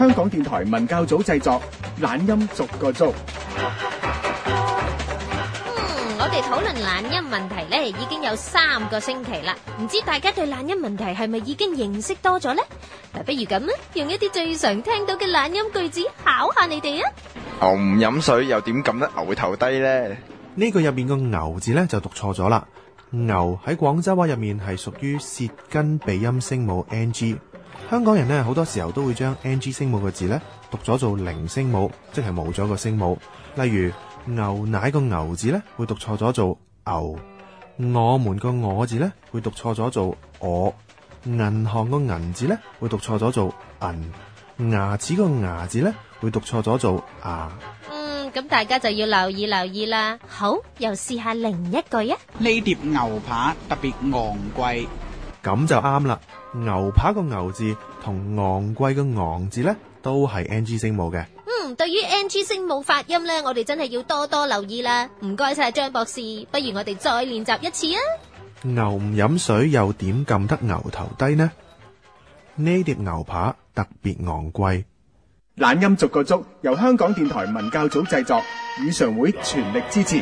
香港電台文教組製作，懶音逐個捉。嗯，我哋討論懶音問題咧，已經有三個星期啦。唔知大家對懶音問題係咪已經認識多咗呢？嗱，不如咁啊，用一啲最常聽到嘅懶音句子考下你哋啊。牛唔飲水又點撳得牛頭低呢？呢句入面個牛字咧就讀錯咗啦。牛喺廣州話入面係屬於舌根鼻音聲母 ng。香港人咧，好多時候都會將 ng 聲母嘅字咧讀咗做零聲母，即係冇咗個聲母。例如牛奶個牛字咧會讀錯咗做牛，我們個我字咧會讀錯咗做我，銀行個銀字咧會讀錯咗做銀，牙齒個牙字咧會讀錯咗做牙，啊。嗯，咁大家就要留意留意啦。好，又試下另一句啊。呢碟牛扒特別昂貴。咁就啱啦！牛扒個牛字同昂貴個昂字呢，都係 N G 聲母嘅。嗯，對於 N G 聲母發音呢，我哋真係要多多留意啦。唔該晒張博士，不如我哋再練習一次啊！牛唔飲水又點撳得牛頭低呢？呢碟牛扒特別昂貴。懶音逐個捉，由香港電台文教組製作，語常會全力支持。